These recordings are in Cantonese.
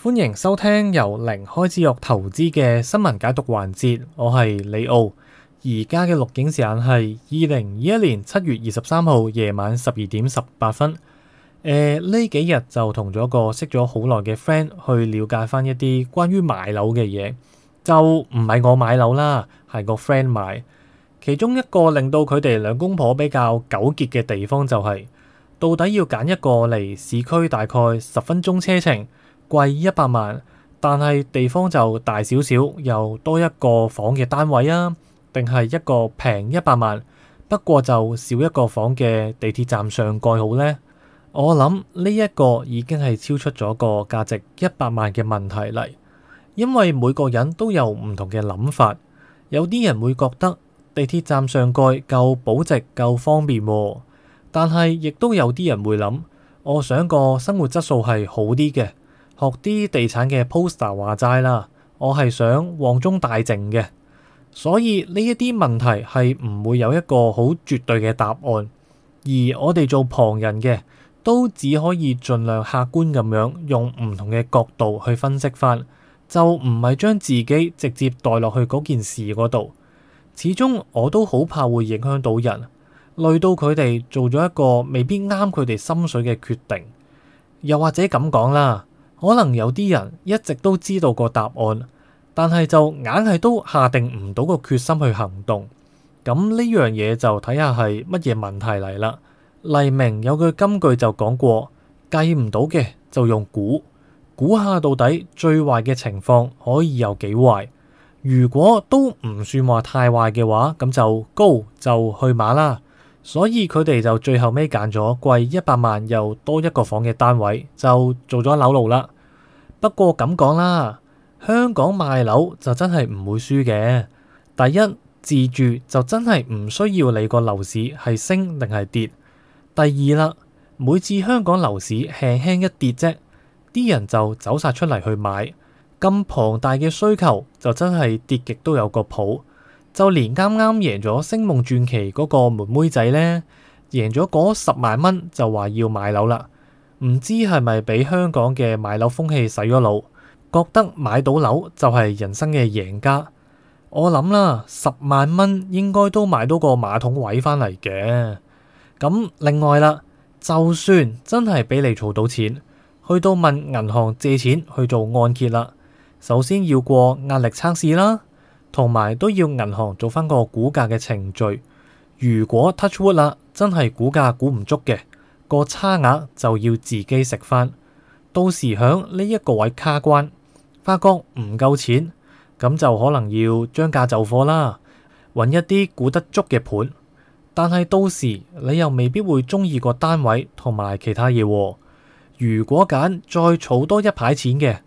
歡迎收聽由零開始學投資嘅新聞解讀環節，我係李奧。而家嘅錄影時間係二零二一年七月二十三號夜晚十二點十八分。呃，呢幾日就同咗個識咗好耐嘅 friend 去了解返一啲關於買樓嘅嘢，就唔係我買樓啦，係個 friend 買。其中一個令到佢哋兩公婆比較糾結嘅地方就係、是，到底要揀一個離市區大概十分鐘車程，貴一百萬，但係地方就大少少，又多一個房嘅單位啊。定係一個平一百萬，不過就少一個房嘅地鐵站上蓋好呢？我諗呢一個已經係超出咗個價值一百萬嘅問題嚟，因為每個人都有唔同嘅諗法。有啲人會覺得地鐵站上蓋夠保值夠方便喎，但係亦都有啲人會諗，我想個生活質素係好啲嘅。學啲地產嘅 poster 話齋啦，我係想旺中大靜嘅，所以呢一啲問題係唔會有一個好絕對嘅答案。而我哋做旁人嘅，都只可以盡量客觀咁樣用唔同嘅角度去分析翻，就唔係將自己直接代落去嗰件事嗰度。始終我都好怕會影響到人，累到佢哋做咗一個未必啱佢哋心水嘅決定，又或者咁講啦。可能有啲人一直都知道個答案，但係就硬係都下定唔到個決心去行動。咁呢樣嘢就睇下係乜嘢問題嚟啦。黎明有句金句就講過：計唔到嘅就用估估下到底最壞嘅情況可以有幾壞。如果都唔算話太壞嘅話，咁就高就去馬啦。所以佢哋就最後尾揀咗貴一百萬又多一個房嘅單位，就做咗樓路啦。不過咁講啦，香港賣樓就真係唔會輸嘅。第一，自住就真係唔需要你個樓市係升定係跌。第二啦，每次香港樓市輕輕一跌啫，啲人就走晒出嚟，去買，咁龐大嘅需求就真係跌極都有個譜。就連啱啱贏咗《星夢傳奇》嗰個妹妹仔呢，贏咗嗰十萬蚊就話要買樓啦，唔知係咪俾香港嘅買樓風氣洗咗腦，覺得買到樓就係人生嘅贏家。我諗啦，十萬蚊應該都買到個馬桶位返嚟嘅。咁，嗯，另外啦，就算真係俾你儲到錢，去到問銀行借錢去做按揭啦，首先要過壓力測試啦。同埋都要銀行做翻個估價嘅程序。如果 touch wood 啦，真係估價估唔足嘅個差額就要自己食翻。到時響呢一個位卡關，發覺唔夠錢，咁就可能要將價就貨啦，揾一啲估得足嘅盤。但係到時你又未必會中意個單位同埋其他嘢喎。如果揀再儲多一排錢嘅，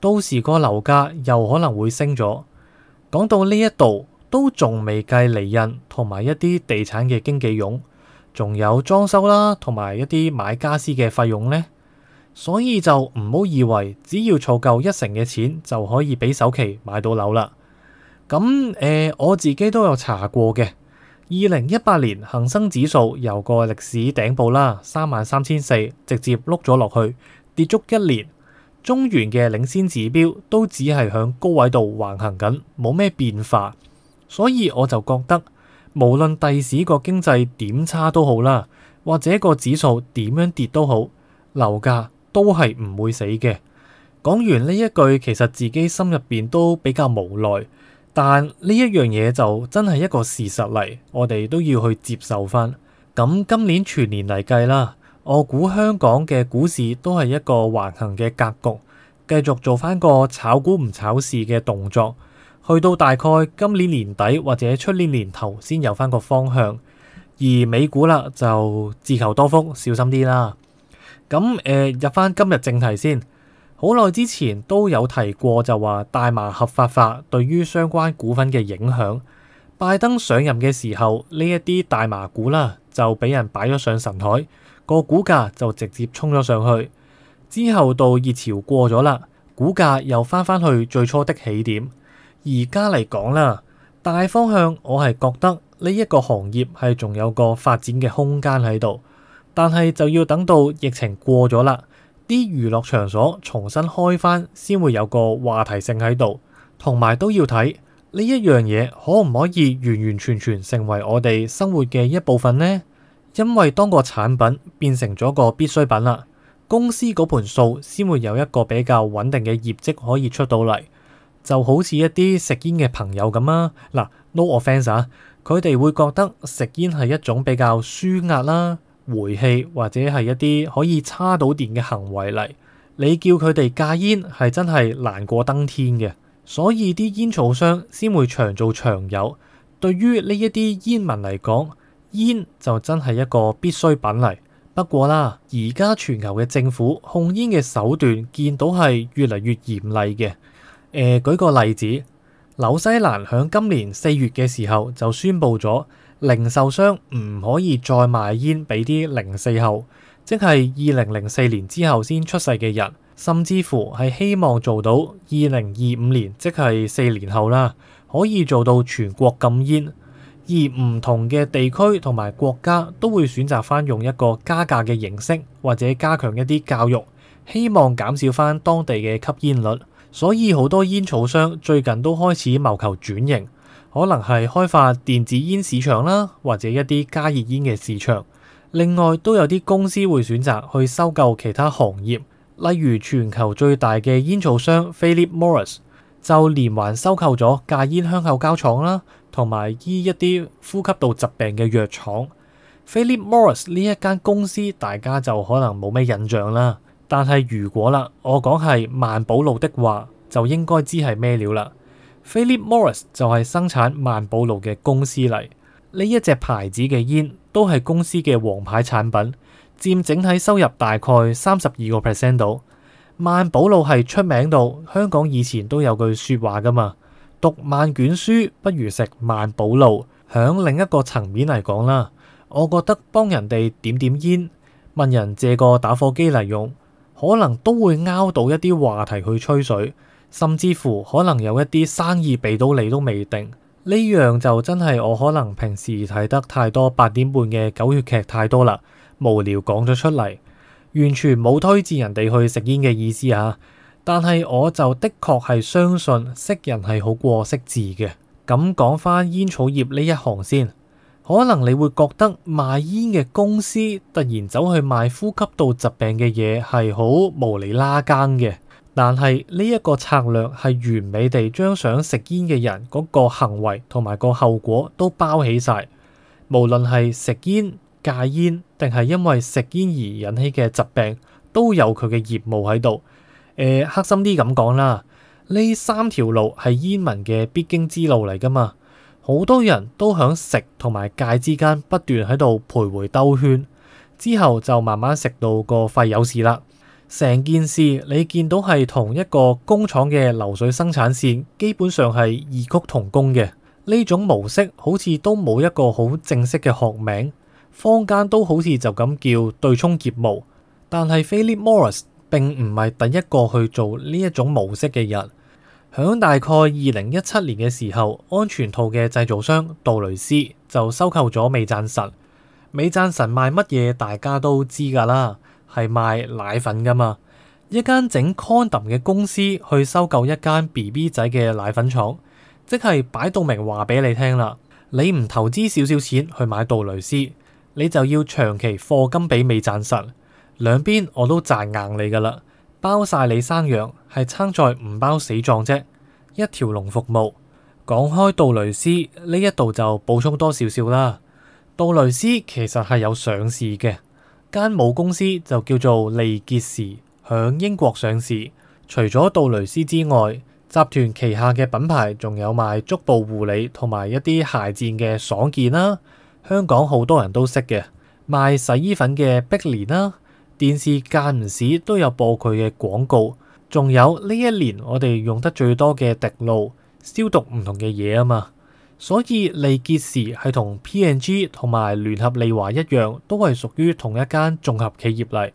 到時個樓價又可能會升咗。講到呢一度，都仲未計厘印同埋一啲地產嘅經紀佣，仲有裝修啦，同埋一啲買家私嘅費用呢。所以就唔好以為只要湊夠一成嘅錢就可以俾首期買到樓啦。咁、嗯、誒、呃，我自己都有查過嘅，二零一八年恒生指數由個歷史頂部啦三萬三千四，33, 400, 直接碌咗落去，跌足一年。中原嘅領先指標都只係響高位度橫行緊，冇咩變化，所以我就覺得無論第時個經濟點差都好啦，或者個指數點樣跌都好，樓價都係唔會死嘅。講完呢一句，其實自己心入邊都比較無奈，但呢一樣嘢就真係一個事實嚟，我哋都要去接受翻。咁今年全年嚟計啦。我估香港嘅股市都係一個橫行嘅格局，繼續做翻個炒股唔炒市嘅動作，去到大概今年年底或者出年年頭先有翻個方向。而美股啦就自求多福，小心啲啦。咁、嗯、誒、呃，入翻今日正題先。好耐之前都有提過，就話大麻合法化對於相關股份嘅影響。拜登上任嘅時候，呢一啲大麻股啦就俾人擺咗上神台。個股價就直接衝咗上去，之後到熱潮過咗啦，股價又翻返去最初的起點。而家嚟講啦，大方向我係覺得呢一個行業係仲有個發展嘅空間喺度，但係就要等到疫情過咗啦，啲娛樂場所重新開返先會有個話題性喺度，同埋都要睇呢一樣嘢可唔可以完完全全成為我哋生活嘅一部分呢？因為當個產品變成咗個必需品啦，公司嗰盤數先會有一個比較穩定嘅業績可以出到嚟，就好似一啲食煙嘅朋友咁啦。嗱，no offence 啊，佢哋會覺得食煙係一種比較舒壓啦、回氣或者係一啲可以叉到電嘅行為嚟。你叫佢哋戒煙係真係難過登天嘅，所以啲煙草商先會長做長有。對於呢一啲煙民嚟講，煙就真係一個必需品嚟，不過啦，而家全球嘅政府控煙嘅手段見到係越嚟越嚴厲嘅。誒、呃，舉個例子，紐西蘭響今年四月嘅時候就宣布咗零售商唔可以再賣煙俾啲零四後，即係二零零四年之後先出世嘅人，甚至乎係希望做到二零二五年，即係四年後啦，可以做到全國禁煙。而唔同嘅地區同埋國家都會選擇翻用一個加價嘅形式，或者加強一啲教育，希望減少翻當地嘅吸煙率。所以好多煙草商最近都開始謀求轉型，可能係開發電子煙市場啦，或者一啲加熱煙嘅市場。另外，都有啲公司會選擇去收購其他行業，例如全球最大嘅煙草商 Philip Morris 就連環收購咗戒煙香口膠廠啦。同埋醫一啲呼吸道疾病嘅藥廠，Philip Morris 呢一間公司大家就可能冇咩印象啦。但係如果啦，我講係萬寶路的話，就應該知係咩料啦。Philip Morris 就係生產萬寶路嘅公司嚟，呢一隻牌子嘅煙都係公司嘅王牌產品，佔整體收入大概三十二個 percent 到。萬寶路係出名到香港以前都有句説話噶嘛。讀萬卷書不如食萬寶路。響另一個層面嚟講啦，我覺得幫人哋點點煙，問人借個打火機嚟用，可能都會勾到一啲話題去吹水，甚至乎可能有一啲生意俾到你都未定。呢樣就真係我可能平時睇得太多八點半嘅狗血劇太多啦，無聊講咗出嚟，完全冇推薦人哋去食煙嘅意思啊！但係我就的確係相信識人係好過識字嘅。咁講返煙草業呢一行先，可能你會覺得賣煙嘅公司突然走去賣呼吸道疾病嘅嘢係好無厘啦更嘅。但係呢一個策略係完美地將想食煙嘅人嗰個行為同埋個後果都包起晒，無論係食煙、戒煙定係因為食煙而引起嘅疾病，都有佢嘅業務喺度。黑心啲咁講啦，呢三條路係煙民嘅必經之路嚟㗎嘛，好多人都響食同埋戒之間不斷喺度徘徊兜圈，之後就慢慢食到個肺有事啦。成件事你見到係同一個工廠嘅流水生產線，基本上係異曲同工嘅。呢種模式好似都冇一個好正式嘅學名，坊間都好似就咁叫對沖業務，但係 Philip Morris。並唔係第一個去做呢一種模式嘅人，響大概二零一七年嘅時候，安全套嘅製造商杜蕾斯就收購咗美贊臣。美贊臣賣乜嘢，大家都知噶啦，係賣奶粉噶嘛。一間整 condom 嘅公司去收購一間 B B 仔嘅奶粉廠，即係擺到明話俾你聽啦，你唔投資少少錢去買杜蕾斯，你就要長期課金俾美贊臣。兩邊我都賺硬你噶啦，包晒你生養係參賽，唔包死狀啫。一條龍服務。講開杜蕾斯呢一度就補充多少少啦。杜蕾斯其實係有上市嘅間母公司就叫做利潔時，響英國上市。除咗杜蕾斯之外，集團旗下嘅品牌仲有賣足部護理同埋一啲鞋墊嘅爽健啦。香港好多人都識嘅賣洗衣粉嘅碧蓮啦。電視間唔時都有播佢嘅廣告，仲有呢一年我哋用得最多嘅滴露消毒唔同嘅嘢啊嘛，所以利潔時係同 P&G 同埋聯合利華一樣，都係屬於同一間綜合企業嚟。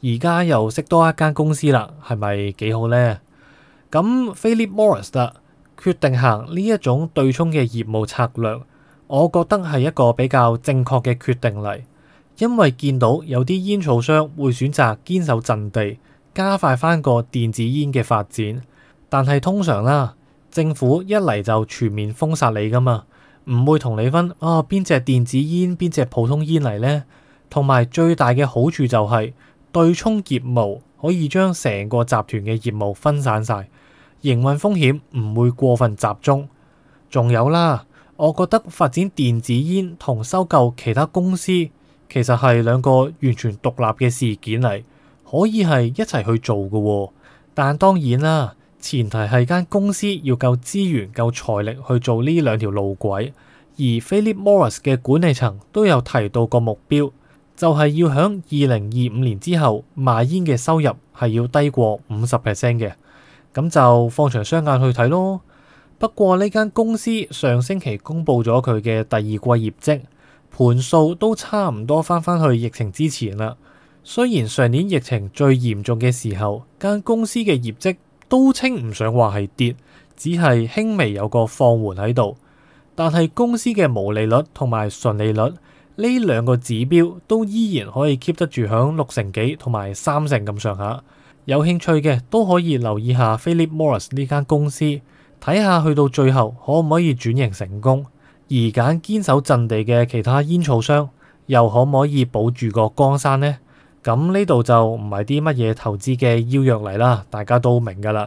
而家又識多一間公司啦，係咪幾好呢？咁菲利普莫里斯啦，決定行呢一種對沖嘅業務策略，我覺得係一個比較正確嘅決定嚟。因為見到有啲煙草商會選擇堅守陣地，加快翻個電子煙嘅發展，但係通常啦，政府一嚟就全面封殺你噶嘛，唔會同你分啊邊隻電子煙邊隻普通煙嚟呢。同埋最大嘅好處就係對沖業務可以將成個集團嘅業務分散晒，營運風險唔會過分集中。仲有啦，我覺得發展電子煙同收購其他公司。其實係兩個完全獨立嘅事件嚟，可以係一齊去做噶、哦，但當然啦，前提係間公司要夠資源、夠財力去做呢兩條路軌。而 Philip Morris 嘅管理層都有提到個目標，就係、是、要響二零二五年之後賣煙嘅收入係要低過50%嘅，咁就放長雙眼去睇咯。不過呢間公司上星期公布咗佢嘅第二季業績。盤數都差唔多翻返去疫情之前啦。雖然上年疫情最嚴重嘅時候，間公司嘅業績都稱唔上話係跌，只係輕微有個放緩喺度。但係公司嘅毛利率同埋純利率呢兩個指標都依然可以 keep 得住喺六成幾同埋三成咁上下。有興趣嘅都可以留意下 Philip Morris 呢間公司，睇下去到最後可唔可以轉型成功。而揀堅守陣地嘅其他煙草商，又可唔可以保住個江山呢？咁呢度就唔係啲乜嘢投資嘅邀約嚟啦，大家都明噶啦。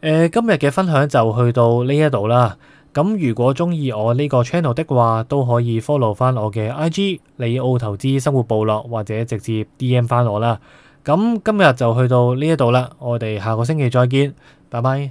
呃，今日嘅分享就去到呢一度啦。咁如果中意我呢個 channel 的話，都可以 follow 翻我嘅 IG 利奧投資生活部落，或者直接 DM 翻我啦。咁今日就去到呢一度啦，我哋下個星期再見，拜拜。